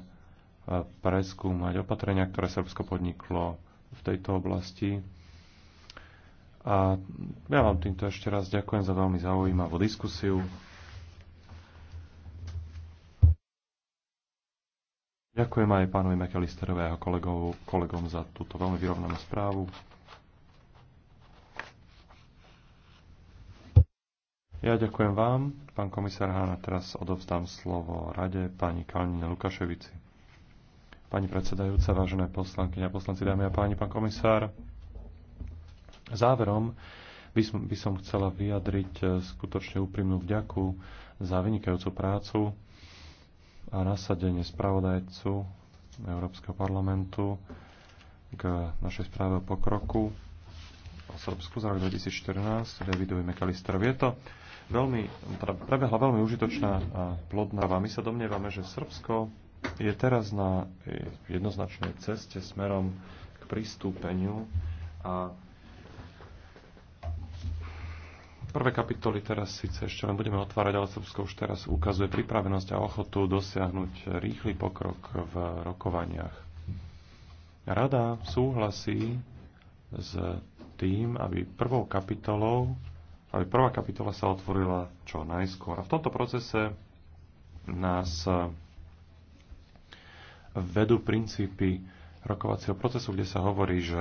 preskúmať opatrenia, ktoré Srbsko podniklo v tejto oblasti a ja vám týmto ešte raz ďakujem za veľmi zaujímavú diskusiu. Ďakujem aj pánovi McAllisterovi a jeho kolegov, kolegom za túto veľmi vyrovnanú správu. Ja ďakujem vám, pán komisár Hána. Teraz odovzdám slovo rade pani Kalnine Lukaševici. Pani predsedajúca, vážené poslanky a poslanci, dámy a páni, pán komisár, Záverom by som, by som chcela vyjadriť e, skutočne úprimnú vďaku za vynikajúcu prácu a nasadenie spravodajcu Európskeho parlamentu k našej správe o pokroku o Srbsku za rok 2014 Davidovi McAllisterovi. Je to veľmi, teda prebehla veľmi užitočná a plodná. A my sa domnievame, že Srbsko je teraz na jednoznačnej ceste smerom k pristúpeniu a Prvé kapitoly teraz síce ešte len budeme otvárať, ale Srbsko už teraz ukazuje pripravenosť a ochotu dosiahnuť rýchly pokrok v rokovaniach. Rada súhlasí s tým, aby prvou kapitolou, aby prvá kapitola sa otvorila čo najskôr. A v tomto procese nás vedú princípy rokovacieho procesu, kde sa hovorí, že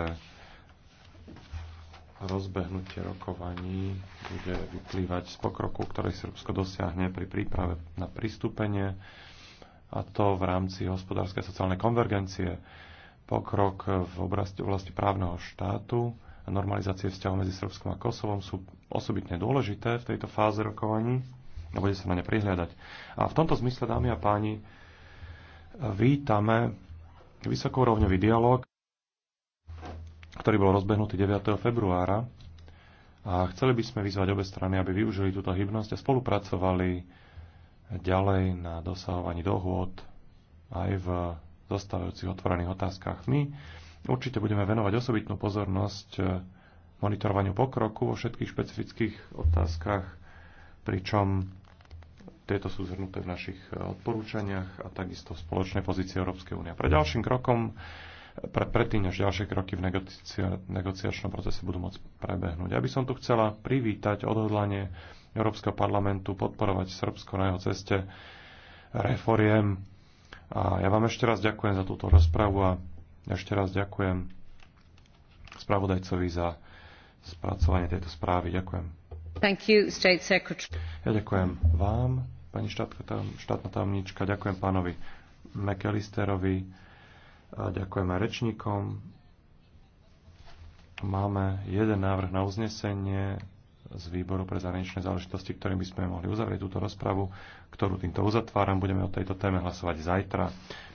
rozbehnutie rokovaní bude vyplývať z pokroku, ktorý Srbsko dosiahne pri príprave na pristúpenie, a to v rámci hospodárskej a sociálnej konvergencie, pokrok v oblasti, oblasti právneho štátu a normalizácie vzťahov medzi Srbskom a Kosovom sú osobitne dôležité v tejto fáze rokovaní a bude sa na ne prihľadať. A v tomto zmysle, dámy a páni, vítame vysokou rovňový dialog ktorý bol rozbehnutý 9. februára. A chceli by sme vyzvať obe strany, aby využili túto hybnosť a spolupracovali ďalej na dosahovaní dohôd aj v zostávajúcich otvorených otázkach. My určite budeme venovať osobitnú pozornosť eh, monitorovaniu pokroku vo všetkých špecifických otázkach, pričom tieto sú zhrnuté v našich eh, odporúčaniach a takisto v spoločnej pozícii Európskej únie. Pre ďalším krokom pre, predtým, než ďalšie kroky v negocia, negociačnom procese budú môcť prebehnúť. Ja by som tu chcela privítať odhodlanie Európskeho parlamentu podporovať Srbsko na jeho ceste reforiem. A ja vám ešte raz ďakujem za túto rozpravu a ešte raz ďakujem spravodajcovi za spracovanie tejto správy. Ďakujem. Thank you, State Secretary. Ja ďakujem vám, pani štátna tajomnička, ďakujem pánovi McAllisterovi a ďakujem aj rečníkom. Máme jeden návrh na uznesenie z výboru pre zahraničné záležitosti, ktorým by sme mohli uzavrieť túto rozpravu, ktorú týmto uzatváram. Budeme o tejto téme hlasovať zajtra.